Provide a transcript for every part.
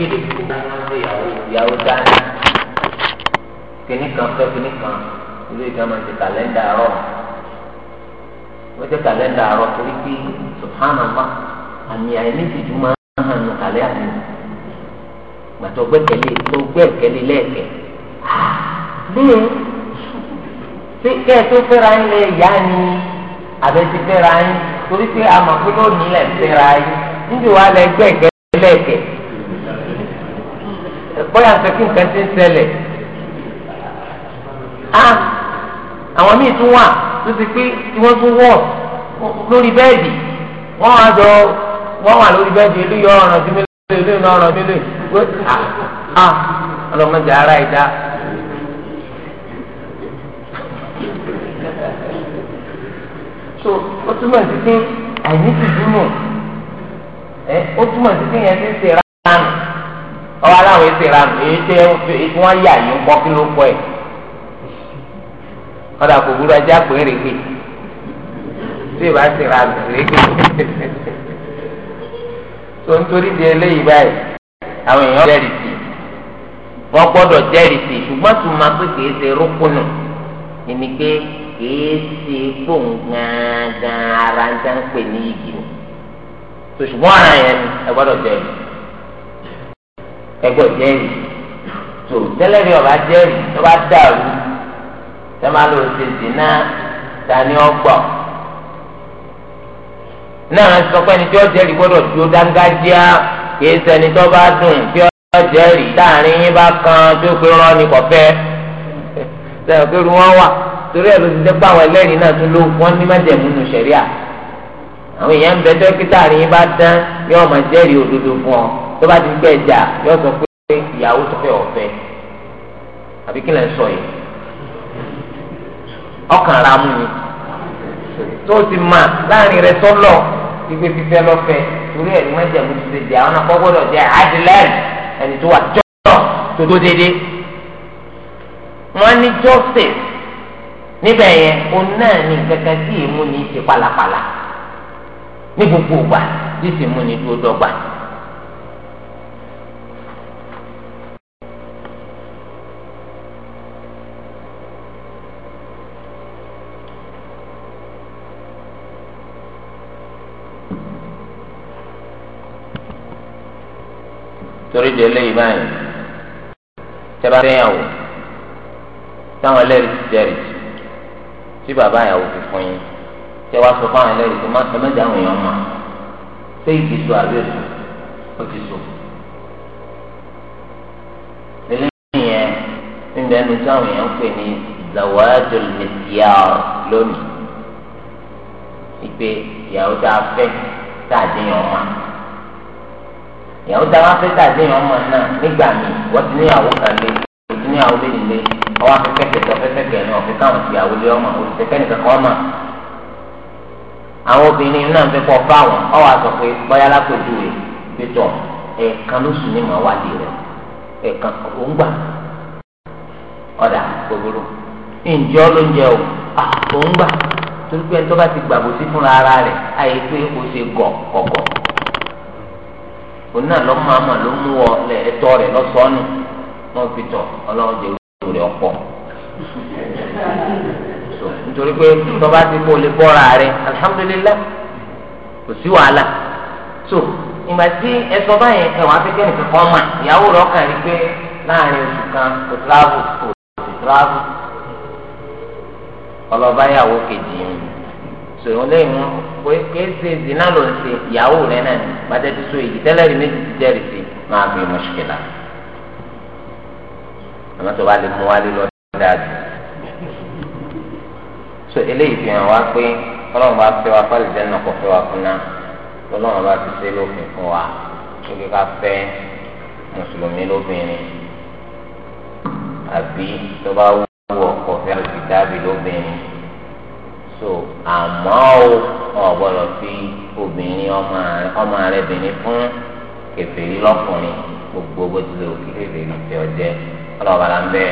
kéde kúrò náà ń lé ìyàwó dání kíní kan fẹ́ kíní kan ilé ìjọba ti kàlẹ́ndà rọ̀ wọ́n ti kàlẹ́ndà rọ̀ torí pé subhanallah àmì àìní ti dùn máa ń hàn ní kàlẹ́ àmì gbàtọ̀ gbẹ́kẹ̀lé tó gbẹ́kẹ̀lé lẹ́ẹ̀kẹ́ bẹ́ẹ̀ ṣé kẹ́ ẹ tó fẹ́ra yín lẹ ìyá ni àbẹ ti fẹ́ra yín torí pé àmọ̀ pé lónìí lẹ̀ fẹ́ra yín níbi wàá lẹ gbẹ́kẹ̀lé lẹ́ẹ̀kẹ́ bóyá nǹkan kí nǹkan ti ń ṣẹlẹ̀ a àwọn míì tún wà tó ti pé tí wọ́n tún wọ̀ lórí bẹ́ẹ̀dì wọ́n wá jọ wọ́n wà lórí bẹ́ẹ̀dì eléyìí ọ̀ràn sí mi lóye eléyìí ọ̀ràn mi lóye a á ọlọ́mọdé ara ìdá. so ó túmọ̀ sí pé àìní ti dúró ẹ ó túmọ̀ sí pé yẹn ti ń ṣe ọwọ́ aláwọ̀ èsì ìranù èyí tẹ èyí wọ́n yà yín kọ́ kí ló kọ́ ẹ̀ ọ̀dà kò burú ẹjẹ́ àpò èrèké tí ìbá ti ra èrèké tó ń torí di eléyìí báyìí àwọn èèyàn jẹ́rìí sí wọ́n gbọ́dọ̀ jẹ́rìí sí ṣùgbọ́n tó máa pé kìí ṣe rúkúnù ìní pé kìí ṣe gbòǹgàn ara ń jẹ́ pè ní igi tó ara yẹn ẹ gbọ́dọ̀ jẹ́rìí ẹgbẹ́ jẹ́rìí tó tẹ́lẹ̀ bí ọba jẹ́rìí tó bá dàrú tẹ́ máa lọ sí ìdínà tani ọgbà náà sọ pé ẹni tí ó jẹ́rìí gbọ́dọ̀ tí ó dángájíá kìí ṣẹni tó bá dùn tí ó jẹ́rìí láàrin yín bá kan tó pé rán ni kọ̀fẹ́ sẹ́yìn pé irú wọn wà torí ẹ̀ ló ti dẹ́pọ̀ àwọn ẹlẹ́rìí náà tún ló wọ́n ní májẹ̀mú nù sẹ̀ríà àwọn èèyàn ń bẹ tó kí yín bá dán yóò máa jẹ́rìí òdodo fún ọ tó bá ti gbẹ ẹja yóò sọ pé ìyàwó tó fẹ́ ọ̀fẹ́ àbí kí lè sọ yìí ọkàn ra mú mi tó ti mà láàrin rẹ sọlọ ìgbé fífẹ́ lọfẹ torí ẹni wọn jẹ mùsùlùmí ti di àwọn akọ gbọ́dọ̀ jẹ adilẹn ẹni tó wà jọlọ tó tó dédé wọn ní justice níbẹ̀ yẹn òun náà ní kankan tí èèmú ní ti palapala ní gbogbo ìgbà tí èèmú ní dúró dọ́gba. torí de eléyìí báyìí tẹ́bá fẹ́yàwó táwọn ẹlẹ́rìí ti jẹ́rìí tí bàbá ìyàwó fi fún yín tẹ́ wá sọ fáwọn ẹlẹ́rìí tó má tẹ́mẹ́jà àwọn èèyàn mọ̀ ṣé ìdí so àbí èso ó ti so. eléyìí yẹn níbi ẹni táwọn èèyàn pè ní zawajul misyar lónìí ìpè ìyàwó tá a fẹ́ tá a dín yàn máa. ìyàwó tá wá fẹ́ tà sí ìyàn náà nígbà míì wọ́n ti níyàwó kan lé o ti níyàwó lé nílé ọwọ́ afẹ́fẹ́ kẹtọ afẹ́fẹ́ kẹrin ọ̀fẹ́ káwọn ti yàwó lé ọmọ òṣìṣẹ́ kẹ́nìkan kan mọ̀ àwọn obìnrin náà fẹ́ kọ́ fá wọn ọwọ́ àtọ̀ pé bọ́yá lápẹ̀jù rẹ̀ pétọ̀ ẹ̀ẹ̀kan ló sùn ní mọ̀ rẹ̀ ẹ̀ẹ̀kan ò ń gbà ọ̀dà gbogbo ǹjẹ́ òun náà lọ mọ àmọ́ ló mú ọ lẹ ẹ̀tọ́ rẹ̀ lọsọọnù wọn fi tọ Ọlọ́run jẹ orí rẹ̀ ọ̀pọ̀ nítorí pé tọba ti kó o lè bọ́ra rẹ̀ alihamudulilayi kò sí wàhálà so ìgbà tí ẹsọ báyẹn ẹwà afẹkẹ nìkan kan mà ìyàwó rẹ̀ ọkàn rí pé láàrin oṣù kan kò tíráàbù kò tíráàbù ọlọba yàwó kejì yìí sòrò lẹ́yìn wọn pé ṣe zina ló ń ṣe ìyàwó rẹ náà ní pàtẹ́tí so èyí tẹ́lẹ̀ rí méjì ti jẹ́rìí sí máa fi mọ̀ṣíkìlá àmọ́ tó bá lè mú wálé lọ dáadé so eléyìí fi hàn wá pé ọlọ́run bá fẹ́ wa fọ́lì jẹ́ nàkọ́ fẹ́ wa fúnná ọlọ́run bá ti ṣe lófin fún wa kíkẹ́ ká fẹ́ mùsùlùmí lóbìnrin àbí tó bá wù ọkọ̀ fẹ́ àlùfíà bí lóbìnrin àmọ́ o ọ̀gbọ́dọ̀ fi obìnrin ọmọ rẹ bìnrin fún kèfèrí lọ́kùnrin gbogbo bó ti lè òkè kèfèrí tẹ ọ jẹ ọlọ́ọ̀bà la ń bẹ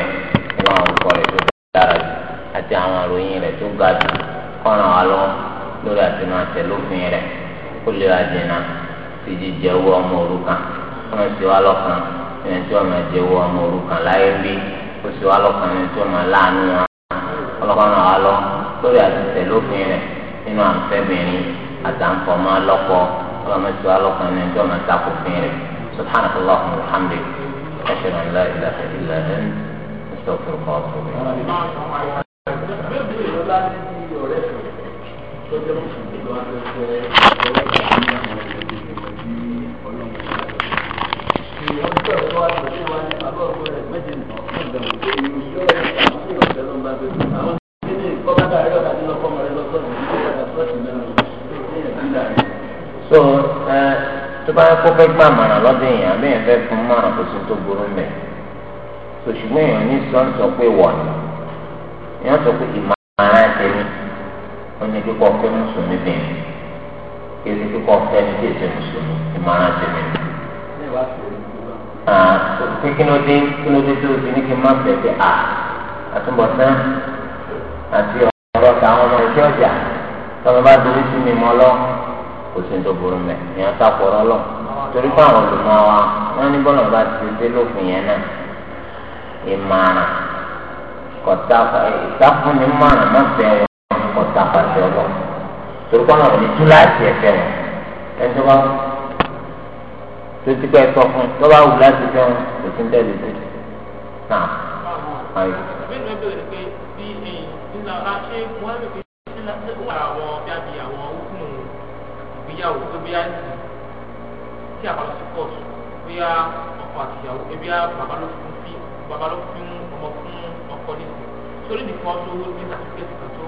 ọlọ́run orúkọ rẹ tó dára jù àti àwọn àròyìn rẹ tó ga jù kọ́nà wa lọ lórí àti máa tẹ lófin rẹ kó lè ra jìnnà sí jíjẹ owó ọmọ òrukàn wọn sì wá lọ́kàn ẹni tí wọn máa jẹ owó ọmọ òrukàn láyé bí ó sì wá lọ́kàn ẹni tí wọn máa láàánú wọn ọlọ́kàn náà lọ lórí àtìsẹ lófin rẹ nínú àǹfẹbìnrin àtàǹfọmọ alọkọ ọlọmọsọ alọkọ ní ẹjọ máa takò fin rẹ subhanahu wa ta'ala alhamdulilayi ashhadu an la ilaha illa anta astaghfiruka wa atubu ilayk. Àwọn so ẹ tó bá kó fẹ́ gbà mọ̀ràn lọ́dọ̀ èèyàn àbí èèyàn fẹ́ fún mọ̀ràn kò sí tó burú mẹ́ so ṣùgbọ́n èèyàn ní sọ ń sọ pé wọ̀nà èèyàn sọ pé ìmọ̀ràn tẹ̀lé ó ní kíkọ́ fẹ́ mùsùlùmí bẹ́ẹ̀ kí ni kíkọ́ fẹ́ ní kéde mùsùlùmí ìmọ̀ràn tẹ̀lé. Ah, pé kí ló dé kí ló dé tó fi ní kí n má bẹ̀ẹ̀ à ah, àtúbọ̀tán àti ọ̀rọ̀ táwọn ọmọ ìṣọ́jà tọ́lọ́ bá dorí sí mi mọ́ lọ́wọ́ kò sí tó burú mẹ èèyàn sàkóró lọ torí pé àwọn olùmọ̀ wa wọn ní bọlọ bá ti dé lófin yẹn náà ìmàràn kọta ìtàkùnì màràn má bẹ wọn kọta pàṣẹ lọ torí pé àwọn oníjú láti ẹfẹ wọn ẹni tó bá tó ti pẹ sọ fún tó bá wù láti fẹ wọn kò sí tẹ́lẹ̀ tó náà. Bẹ́ẹ̀ni ṣé wọ́n á lè fi sílẹ̀ sí àwọn ìgbéyàwó tó bí àìsàn tí a bá lọ sí kóòtù bóyá ọkọ àti ìyàwó ebi á bàbá ló fún fi bàbá ló fún ọmọ fún ọkọ nísìn sórí nìkan tó wó ní sàtúkẹ́tì kan tó.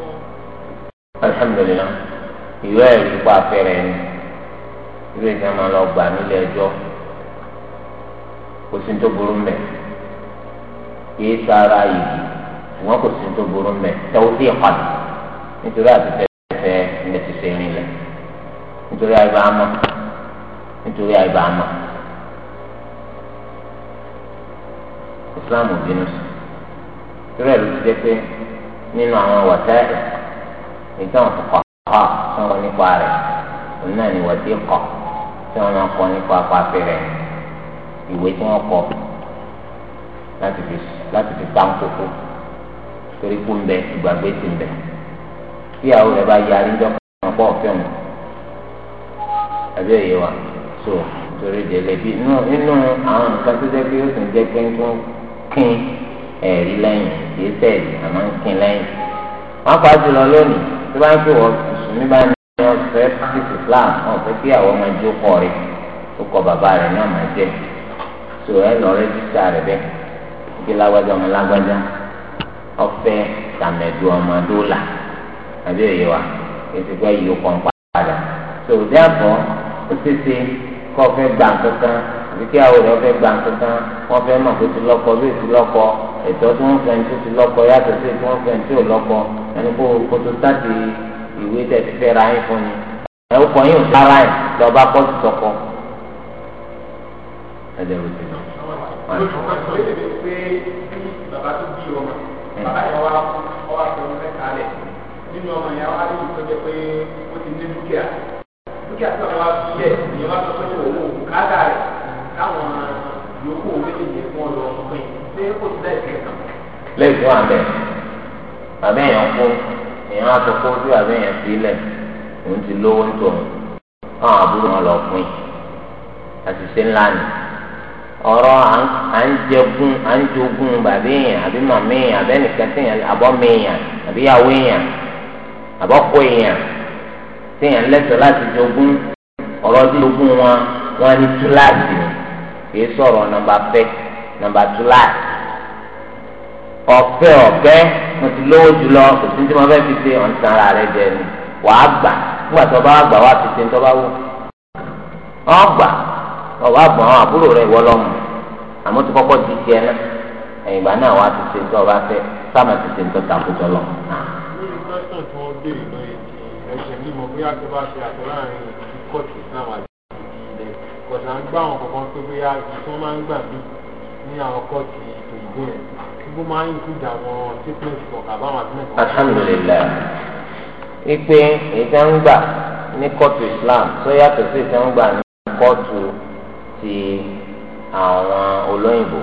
alhamdulillah ìwé ẹ̀rí pa afẹ́rẹ́ ni ìwé ìjà máa lọ gbà nílé ẹjọ́ kò sí ní tó burú mẹ́ kì í sára yìí ṣùgbọ́n kò sí ní tó burú mẹ́ tẹ́wọ́ sí ìpàdé nítorí àti tẹ́ nítorí àìbá àmọ́ nítorí àìbá àmọ́ Islam bínú sí torí ẹ̀ ló ti jẹ́ pé nínú àwọn wàtẹ́ẹ̀lì ìtàn kọ̀ọ̀kan tí wọ́n nípa rẹ̀ òun náà ni wàtí kọ̀ tí wọ́n máa kọ nípa apáfẹ́ rẹ̀ ìwé tí wọ́n kọ láti fi tán kókó torí kú ń bẹ ìgbàgbé ti ń bẹ tí àwọn rẹ̀ bá yarí jọ́ kọ́ ọ̀fẹ́ òun àbí ẹ̀yẹ wa so torí délé bí inú inú àwọn nǹkan tó jẹ́ pé ó sì ń jẹ́ pé ń tún kín ẹ̀rí lẹ́yìn kì í tẹ̀lé àmọ́ ń kín lẹ́yìn. wọ́n pa jùlọ lónìí tí wọ́n ń pè wọ́n mùsùlùmí bá ní wọ́n fẹ́ practice Islam wọ́n fẹ́ kí àwọn ọmọ ẹjọ́ kọ rẹ̀ ó kọ bàbá rẹ̀ ní ọmọ ẹjẹ́ so ẹ lọ rẹ́jísítà rẹ̀ bẹ́ẹ̀ kí lágbájá ọmọ lágbájá ọfẹ́ tàmẹ̀dù ọmọ dólà àbí ẹ̀yẹ wa ètò ìgbà yìí ó kọ́ ń padà so therefore ó ṣeéṣe kọ́ fẹ́ gbà kankan àbí kí àwọn èèyàn fẹ́ gbà kankan wọ́n fẹ́ mọ̀ pé ti lọ́kọ bí ti lọ́kọ ètò tí wọ́n fẹ́ tó ti lọ́kọ yàtọ̀ sí tí wọ́n fẹ́ tí ò lọ́kọ ẹni kó kó tó sáàtì ìwé tẹ̀ ti fẹ́ ra yín fún yín ẹ̀ ó kọ́ yín ò sára yín lọ́ba kọ́ ti sọ̀kọ. ẹ jẹ́ òsì náà. bàbá tó bí ọmọ bàbá yẹn wá ọwọ́ àti ọmọ mẹ́ta lẹ̀ nínú ọmọ yẹn wá kí àti ọ̀rọ̀ wa ìyẹn wá sọ pé rẹ̀ fún ọ lọ pín ṣé kò sí lẹ́yìn kẹta. lẹ́yìn àbẹ̀ àbẹ̀ yẹn kú èèyàn á sọ pé àbẹ̀ yẹn fi òun ti lówó ń àwọn àbúrò wọn lọ pín àṣìṣe ńlá ni ọ̀rọ̀ à ń à ń jogun bàbá èèyàn àbí èèyàn èèyàn èèyàn téèyàn lẹ́tọ̀ọ́ láti jogún ọ̀rọ̀ tí jogún wọn wọn ní túláàsì ni kìí sọ̀rọ̀ nọ́mbà fẹ́ nọ́mbà túláàsì ọ̀fẹ́ ọ̀fẹ́ mo ti lówó jùlọ kò sí tí mo fẹ́ fi ṣe ọ̀ǹtàn ara rẹ jẹ ni wàá gbà nígbà tó bá gbà wàá fi ṣe tó bá wù ọ́ gbà ọ̀wá gbọ̀n àwọn àbúrò rẹ wọ́ lọ́mù àmọ́ tó kọ́kọ́ di tiẹ̀ náà ẹ̀yìn ìgbà náà wàá ti ṣe tó ọba fẹ́ sáà máa ti ṣe tó takùtọ̀ lọ. ní ìgbà ẹ̀sìn yìí mọ̀ bóyá tó bá fi àtọ̀ láàrin ìdí kóòtù náà wà ilẹ̀ kọ̀dà ń gbà wọn kankan pé bóyá ibi tí wọ́n máa ń gbà mí ní àwọn kóòtù ètò ìbò yẹn gbogbo máa ń include àwọn statements kọ̀ọ̀kan àbáwọn àti mẹ́kọ̀ọ́. alhamdulilayi wípé ìtẹ́ ń gbà ní kóòtù Islam tó yàtọ̀ sí ìtẹ́ ń gbà ní kóòtù ti àwọn olóyìnbó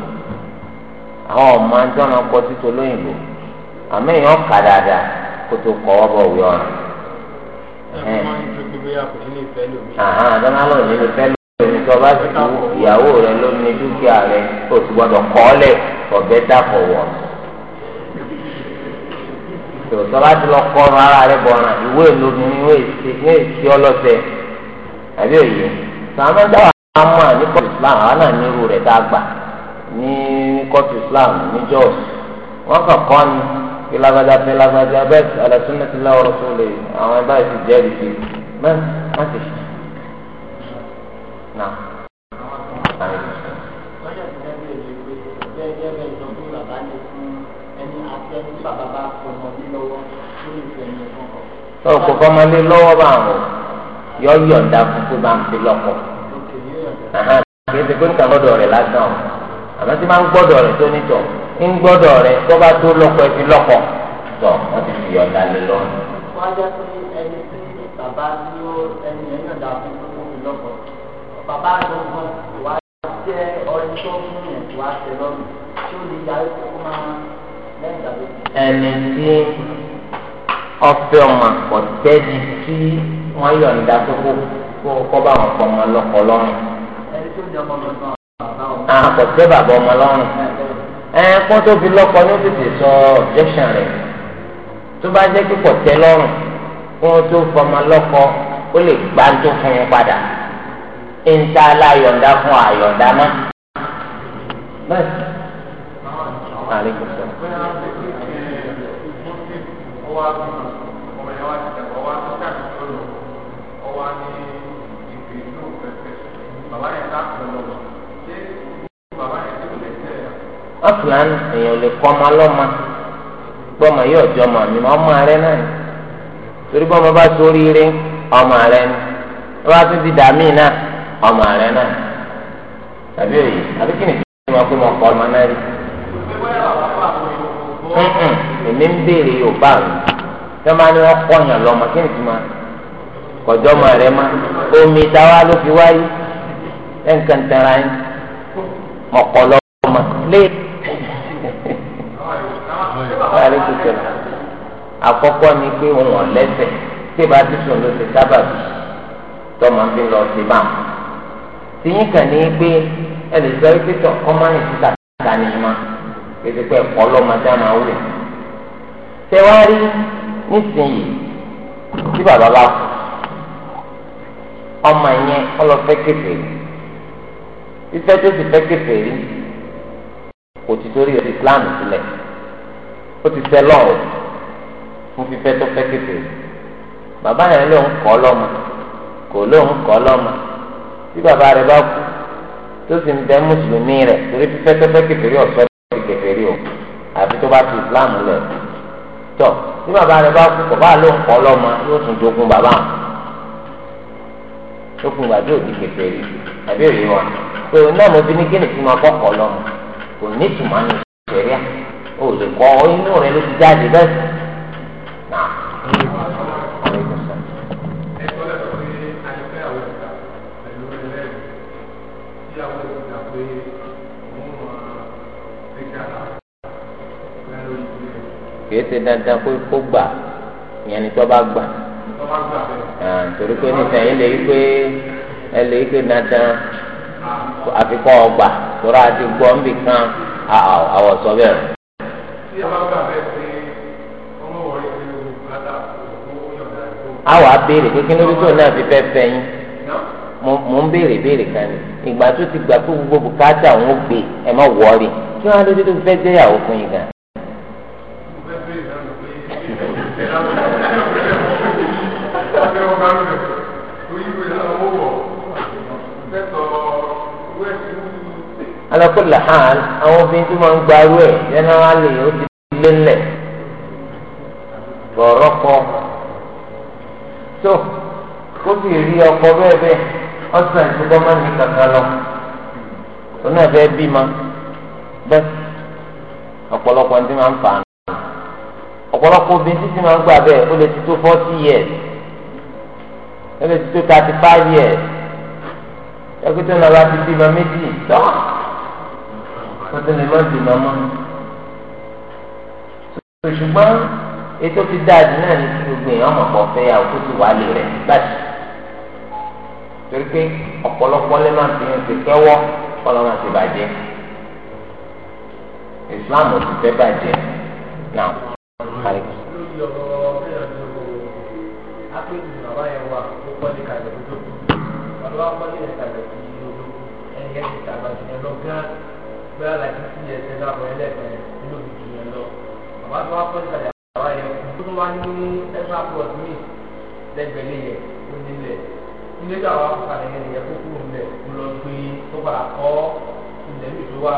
àwọn ọmọ ajọ́nà kọ́ títí olóyìnbó àmì èèyàn kà dáadáa kó tó kọ́ ọ́ bọ̀ wí ọ̀ràn. àhán àdáná lò ní lè fẹ́ lómi tó bá ti kú re rẹ lómi ní dúkìá rẹ o ti ti lọ kọ́nu ara rẹ bọ̀ràn ìwé lómi ní èsì ọlọ́sẹ̀ àbí òye sàmọ́ dáwà á mọ̀ ní kọ́tù Islam àwọn náà ní irú rẹ̀ a gbà Islam ní Jos wọ́n kàn kí lágbájá fẹ́ lágbájá bẹ́ẹ̀ ala sunnatillahi wa rasulih àwọn ẹ̀bá yìí ti jẹ́rìí sí bẹ́ẹ̀ má ti ṣe. ọkọ fọmọlé lọ́wọ́ bá àwọn yọ yọ̀ǹda fún pé bá ń fi lọ́kọ kì í ṣe pé nǹkan gbọ́dọ̀ rẹ̀ lásán o tí máa ń gbọ́dọ̀ rẹ̀ tó nítọ ń gbọ́dọ̀ rẹ tó bá tó lọ́kọ ẹ fi lọ́kọ tọ wọn ti fi ọ̀dà lé lọ. wọ́n á jẹ́ pé ẹni tí bàbá tí ó ẹni yẹn náà dà fún tó fi lọ́kọ bàbá àgbọ̀ngàn wà á jẹ́ ọdún tó fún yẹn wà á tẹ̀ lọ́rùn tí ó lè yarí kó máa lẹ́yìn tàbí. ẹni tí ọfẹ ọmọ ọtẹni tí wọn yọ̀ǹda tó kó kó bá wọn pọ̀ ọmọ lọ́kọ lọ́rùn. ẹni tó jẹ́ ọmọ lọ́kọ bàbá ọmọ. àkọsẹ́ ah, bàbá ọmọ lọ́rùn ẹ kó tó fi lọ́kọ ní tètè sọ objection rẹ̀ tó bá jẹ́ kíkọ̀ tẹ́ lọ́rùn kó tó fọmọ lọ́kọ ó lè gbá tó fún un padà níta aláyọ̀ǹda fún àyọ̀ǹda má. bẹ́ẹ̀ ni aslan èèyàn lè kọ́ ọmọ lọ́mọ gbọ́mọ yóò jọ ọmọ mi ọmọ rẹ náà ni torí bọ́mọ bá sórí rí ọmọ rẹ ni wọ́n bá tún ti dà mí náà ọmọ rẹ náà tàbí òye àbí kí ni kí wọ́n pé mo kọ́ ọmọ náà rí. èmi ń béèrè yorùbá mi tẹ́ máa ní wọ́n kọ́ ọ̀yàn lọ́mọ kí ni tí máa kọjọ́ ọmọ rẹ má omi táwa ló fi wáyé ẹ̀ mọ̀kọ́ lọ́mọ léèrè wọn àlè kìkẹ àkọ́kọ́ ni pé òun ọlẹsẹ tí ìbá ti sùn ló ti sábà bì tọmọ fi lọ sí bá tìyín kàn ní pé ẹ lè sọ pé tọ ọmọ ní títà tà ní ma ètò pé ẹ̀kọ́ lọmọdé máa wúlò tẹwárí nísìnyí tí bàbá bá kú ọmọ yẹn ọlọfẹ kékeré ìfẹ́ tó ti fẹ́ kékeré kò ti torí Islam sílẹ̀ ó ti tẹ lọ́wọ́ fún fífẹ́ tó fẹ́ kéde bàbá yẹn ló ń kọ́ lọ́mọ kò ló ń kọ́ lọ́mọ tí bàbá rẹ bá kú tó sì ń bẹ mùsùlùmí rẹ torí fífẹ́ tó fẹ́ kéde rí ọ̀sọ́ ti kéde rí o àfi tó bá fi Islam lẹ̀ tọ̀ tí bàbá rẹ bá kú bàbá ló ń kọ́ lọ́mọ yóò tún jogún bàbá ó fún gbàdúrà òbí kéde rí àbí òye wa pé òun náà ní kí ni tí mo kọ́kọ́ lọ́mọ kò ní ìtumọ̀ ní ìṣẹ̀rí o lè kọ́ ọ inú rẹ ló ti jáde bẹ́ẹ̀ sì. kìí ṣe dandan pé kó gbà ìyẹn ni tó bá gbà torí pé nísìnyí yìí lè yí pé ẹ lè yí pé dandan àfikún ọgbà tó rà á ti gbọ́ nbì àwọ̀ sọ bẹ́ẹ̀ á wàá béèrè pé kí ló dé tó náà fi fẹ́ fẹ́ yín mo ń béèrè béèrè kan ní ìgbà tó ti gbà pé gbogbo bùkátà òun ó gbé ẹ má wọrí kí wọn á lójú tó fẹ́ jẹ́yàwó fún yín gan. alákòlá hàn àwọn obìnrin tó máa ń gbarú ẹ̀ jẹ́nẹ́rálì ó ti lélẹ̀ bọ̀rọ̀ kọ́ tó kó sì rí ọkọ bẹ́ẹ̀ bẹ́ẹ̀ ọ̀sán ìtúkọ́ máa ń ní kankan lọ tó náà fẹ́ bí ma bẹ́ẹ̀ ọ̀pọ̀lọpọ̀ ní máa ń fà á ọ̀pọ̀lọpọ̀ obìnrin títí máa ń gbà bẹ́ẹ̀ ó lè ti tó forty years ó lè ti tó thirty five years ẹgbẹ́tẹ́ náà bá ti bí ma méjì tọ́ wọ́n ti lè má bí ma mọ́ ṣùgbọ́n ètò ti dáa jù náà ní gbogbo èèyàn mọ̀ pọ̀ fẹ́ yàwó tó ti wà lè rẹ̀ láti torí pé ọ̀pọ̀lọpọ̀ lè máa fi hàn sí kẹ́wọ́ kọ́lọ́ máa ti bàjẹ́ ìsìláàmù ti fẹ́ bàjẹ́ náà. Bẹ́ẹ̀ la ti fi ẹsẹ̀ dábọ̀ ẹlẹ́gbẹ̀ẹ́ nínú ìdíyẹn lọ. Bàbá tó wá pọ́ńtà wá ní extra plot mi lẹ́gbẹ̀ẹ́ yẹ ó nílẹ̀ ilé tí àwọn afọkàlẹ yẹn lè yẹ kó kúrò nílẹ̀ kó lọ gbé tó padà kọ ilẹ̀ mi tó wá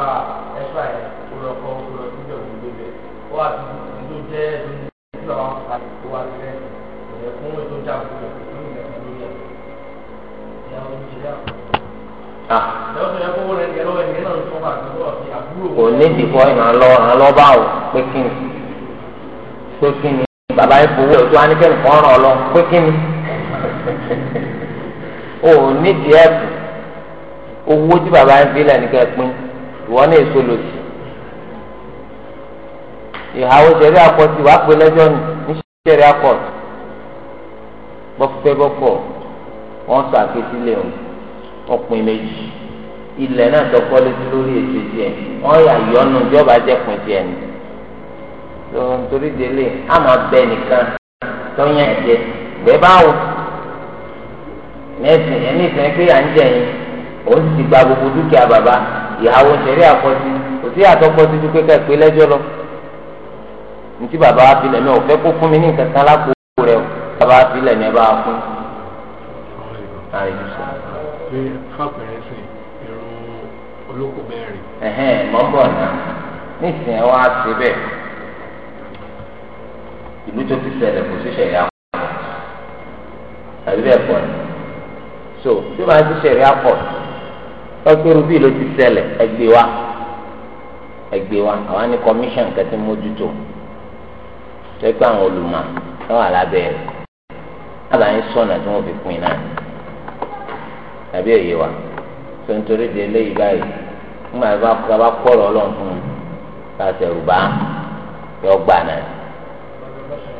extra yẹn kó lọ kọ kó lọ síbẹ̀ kó gbé bẹ̀ ó wà tó tó jẹ́ ẹ̀dùn tí àwọn afọkàlẹ tó wá sí rẹ̀ ìyẹn fún ètò ìjàmbá rẹ̀ tó ní ìyẹn fún lórí ẹ̀ ìyẹn ó bàbá yẹn fowó ẹ̀ tó wá ní kẹ́ni kan ràn ọ́ lọ pé kíni o nídìí ẹ̀bù owó tí bàbá yẹn fi lẹ́nu kẹ́ pín ìwọ náà èso lò sí ìhàwó sẹ̀rí àkọ́tì wàá pè lẹ́jọ́ ní sẹ̀rí àkọ́tì bọ́pẹ́ bọ́pọ̀ wọ́n sọ àkétí lé o ọ̀pìn méjì ilẹ̀ náà tọkọ́ létí lórí ètò ìdíẹ̀ wọ́n yà yọnu bí ọba jẹ́ pin tiẹ̀ nìyí tó nítorí délé á máa bẹ nìkan tó yàn ẹ̀jẹ̀ bẹ́ẹ̀ báwo nẹ́ẹ̀sìn ẹni ìsìn pé à ń jẹ yín òun sì ti gba gbogbo dúkìá bàbá ìyàwó ṣẹ̀rí àkọsí kò sí àtọ́kọsí ju pé ká ìpè lẹ́jọ́ lọ ntí bàbá wa filẹ̀ náà ò fẹ́ kó fún mi ní nǹkan kan lápò rẹ̀ bàbá wa filẹ̀ ní ẹ bá wa fún. pé fàpẹ̀rẹ̀ irun olóko mẹ́rin. mọ́ bọ̀ náà nísìnyẹn wá síbẹ̀ ìlú tó ti ṣẹlẹ̀ kò sí ṣẹ̀yà pọ̀ tàbí bẹ́ẹ̀ pọ̀ ni so tí wọ́n ti ṣẹ̀yà pọ̀ ọ̀pẹ̀rù bíi ló ti ṣẹlẹ̀ ẹgbẹ́ wa ẹgbẹ́ wa àwọn ní commission kẹtí mójútó tẹ́gbẹ́ àwọn olùmọ̀ ẹ wà lábẹ́ rẹ̀ lábà ń sọ̀nà tí wọ́n fi pin náà tàbí èyí wa tó ń torí de eléyìí báyìí nígbà tí wọ́n bá kọ́ ọ̀rọ̀ ọlọ́run fún un láti ẹ̀rù bá yọ gbà náà.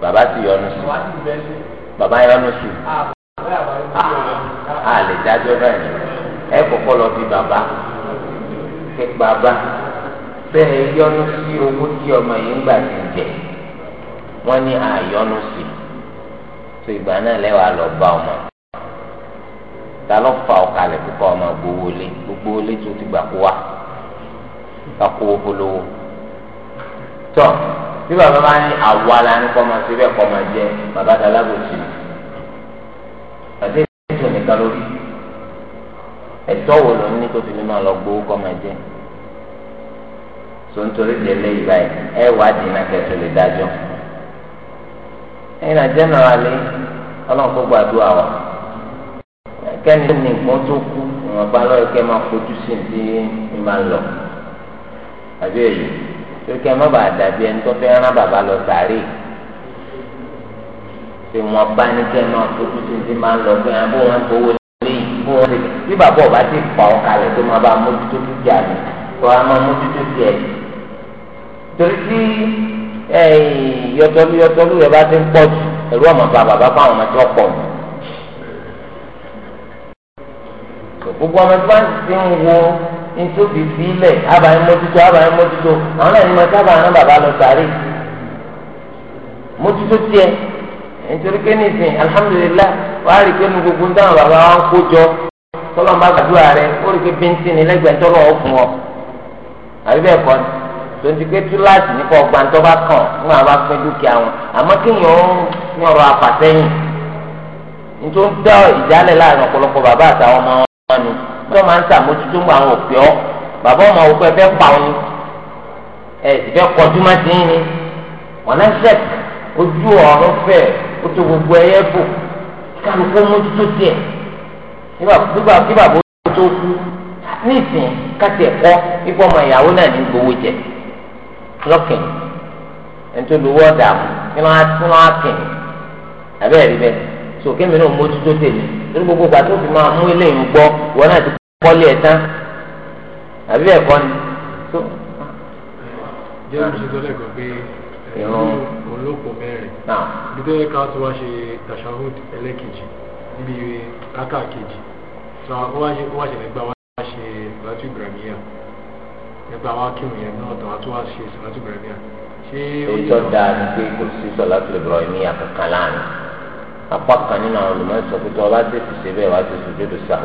bàbá ti yọnu sí bàbá yọnu sí ah, ah, a lè dájọ́ báyìí ẹ kọ́kọ́ lọ bí bàbá kí bàbá bẹ́ẹ̀ yọnu sí owó tí ọmọ yìí ń gbà ti jẹ wọ́n ní àyọnu sí tó ìgbà náà lẹ́wàá lọ bá ọmọ ta ló fa ọ̀kalẹ̀ púpọ̀ ọmọ gbowó lé gbogbo lé tó ti gbà kó wa kakó polówó tọ́ bí bàbá bá ní àwa la ní kọ́ máa ṣe bẹ́ẹ̀ kọ́ máa jẹ bàbá dalábòsí àti ètò nìkan lórí ẹ̀tọ́ wo ló ní tó fi ní máa lọ gbowó kọ́ máa jẹ sontori lele yìí báyìí ẹ wá dínà kẹsàn lè dájọ́ ẹ̀yin àjẹ náà lé Ọlọ́run kó gbàdúrà wa kẹ́ni ní nǹkan tó kú ìwọ̀nba lọ́yẹ̀kẹ́ máa fojú sí ní ìmọ̀ àbí èyí kékeré má bàa dàbí ẹni tó fẹ́ rán bàbá lọ sàárè ṣe wọn bá ní kẹ́ máa fojú sí ti máa ń lọ fún yàrá bó wọn tó wọlé lẹ́yìn bó wọn lè bí bàbá ọba ti pa ọkà rẹ̀ tó máa bá mójútó dúkìá mi tó a máa mójútó tiẹ̀ torí tí yọtọlú yọtọlú rẹ bá ti ń pọ̀ jù ẹ̀rú ọmọ bá bàbá fáwọn ọmọ tí wọ́n pọ̀ gbogbo ọmọ tí wọ́n ti ń wo ntóbi sílẹ̀ àbáyé mójútó àbáyé mójútó àwọn náà ní ma sábà rán bàbá lọ sàárè mójútó tiẹ̀ nítorí pé nísìnyí alihamudulilayi wàá rí i pé nu gbogbo ń dáhùn bàbá wa ń kó jọ tọ́lọ́ bá gbàdúrà rẹ ó rí pé bíntín lẹ́gbẹ̀ẹ́ tọ́lọ́ ọ̀ fún ọ àbí bẹ́ẹ̀ kọ́ pé nípa bá kàn tó máa ń sàmójútó ń gba àwọn òpè ọ bàbá ọmọ òpè ẹ fẹ́ pa ọ ni ẹ sì fẹ́ kọjú má ti ń ni wọn náà sẹk ojú ọ̀run fẹ́ ó tó gbogbo ẹyẹ bò kálukú mójútó tiẹ̀ kíbà kíbà bó tó kú nísìn káti ẹ̀kọ́ ipò ọmọ ìyàwó náà ní gbowó jẹ lọ́kìn ẹ̀ńtó lówó ọ̀dà kí wọ́n á kí wọ́n á kìn abẹ́rẹ́ bẹ́ẹ̀ so kémi náà mójútó tèmi lórí gbogbo ìgbà tó fi máa mú eléyìí gbọ́ wọn náà ti kọ́lé ẹ̀ tán àbí ẹ̀kọ́ ni. jẹ́ àṣẹ tó lẹ́kọ̀ọ́ pé ìrún eh, olóko mẹ́rin dídé ah. ká tó wá ṣe tashahud ẹlẹ́kejì níbi káká kejì tó wá ṣe wá ṣe nígbà wá ṣe sàlátù ibrahimiya nígbà wá kírun yẹn náà tó wá tó wá ṣe sàlátù ibrahimiya. ètò dáa ni pé kò sí sàlátù ibrahimiya kankan láàrin apá kan nínú àwọn olùmọ̀ọ́sọ̀ pé tó o bá tètè ṣe bẹ́ẹ̀ wá ti sùn jódò sáà.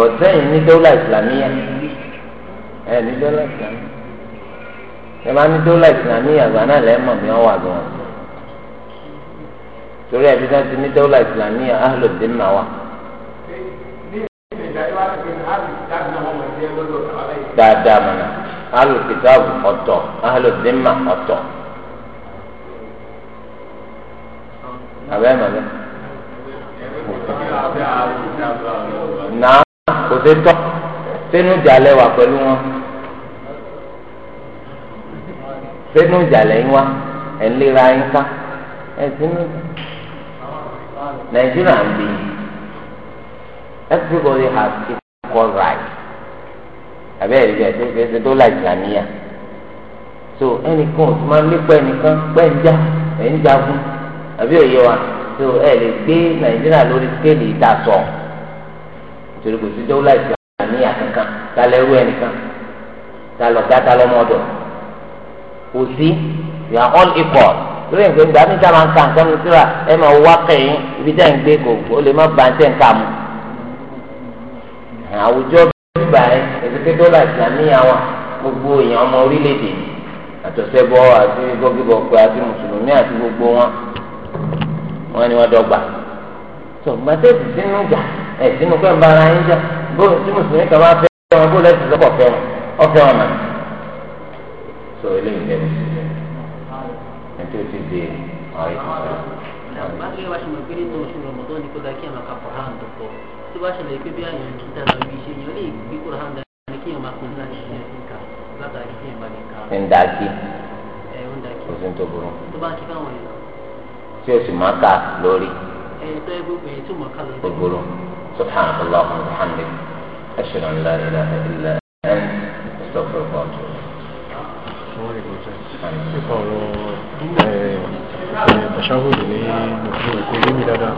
bọ̀dẹ́yìn ní dọ́là ìsìlámíyà ẹ ní dọ́là ìsìlámíyà ẹ máa ní dọ́là ìsìlámíyà àgbà náà lẹ́mọ̀ mi ọ̀wà gan torí ẹbí náà ti ní dọ́là ìsìlámíyà ahlùdín náà wà. dáadáa mọ̀nà alùkìtàbù ọ̀tọ̀ ahlùdín mà ọ̀tọ̀. àbẹ́ màbẹ́. náà kò sí tọ́ sínú ìjàlẹ̀ wà pẹ̀lú wọn sínú ìjàlẹ̀ yín wá ẹ̀ ń lera yín ká ẹ̀ Nàìjíríà ń bì everybody has equal right àbẹ́ ẹ̀rí bẹ́ẹ̀ tó fẹ́ ṣe dọ́là ìjàmíyà so ẹnìkan ò tún máa ń lépa ẹnìkan pẹ́ ń já ẹ̀ ń jagun àbí òye wa so ẹ̀ lè gbé Nàìjíríà lórí skéèlì ìta torí kò sí dẹ́wọ́lá ìsìlámíyà kankan talẹ̀ ẹrú ẹnìkan talọ̀ gàtà lọ́mọdọ̀ kò sí we are all equal lórí ìgbẹ́ ìgbà mi sábà ń ka nǹkan mi síra ẹ máa wá kẹ́yìn ibi tẹ́ ń gbé kò ó lè má ba ń tẹ́ ń kà mú. àwùjọ bíbá ẹ ètùtù dọ́là ìsìlámíyà wa gbogbo èèyàn ọmọ orílẹ̀-èdè àtọ̀sẹ́bọ̀ àti gbọ́gbẹ́bọ̀gbẹ́ àti mùsùlùmí àti gbogbo wọn wọn ni wọ́n dọ́gba. tó gbàtẹ́sì sínú gbà ẹ̀ sínú pé ń bá ara yín jà bóòlù tí mùsùlùmí kan bá fẹ́ wọn bóòlù ẹ̀ ti sọ́kọ̀ fẹ́ wọn ọ̀fẹ́ wọn náà. sọ eléyìí jẹ́ mùsùlùmí ẹ̀ tó ti di ọ̀rẹ́ kọ̀ọ̀kan. báyìí wá ṣe mọ̀ pé nínú oṣù rọ̀mọ̀tọ́ ni kó dá kí àwọn akapọ̀ hàn tó pọ̀ tó bá ṣẹlẹ̀ pé bí àyàn kí dáná bí iṣẹ́ yẹn ó lè gbé kúrò hàn dáná kí èèyàn máa kó nílá ṣe é ká látàrí kí èèyàn bá lè ká. ń da kí kò sí ní tó burú. tó bá kí káwọn yẹn. tí o sì máa kà lórí. ẹ tó ẹgbẹ́ obìnrin tó mọ̀ ká lórí. سبحانك اللهم وبحمدك أشهد أن لا إله إلا أنت أستغفرك وأتوب ìkọ̀rọ̀ ẹ̀ẹ́dẹ̀ṣàwòrán ní mọ̀tò ìkórè mi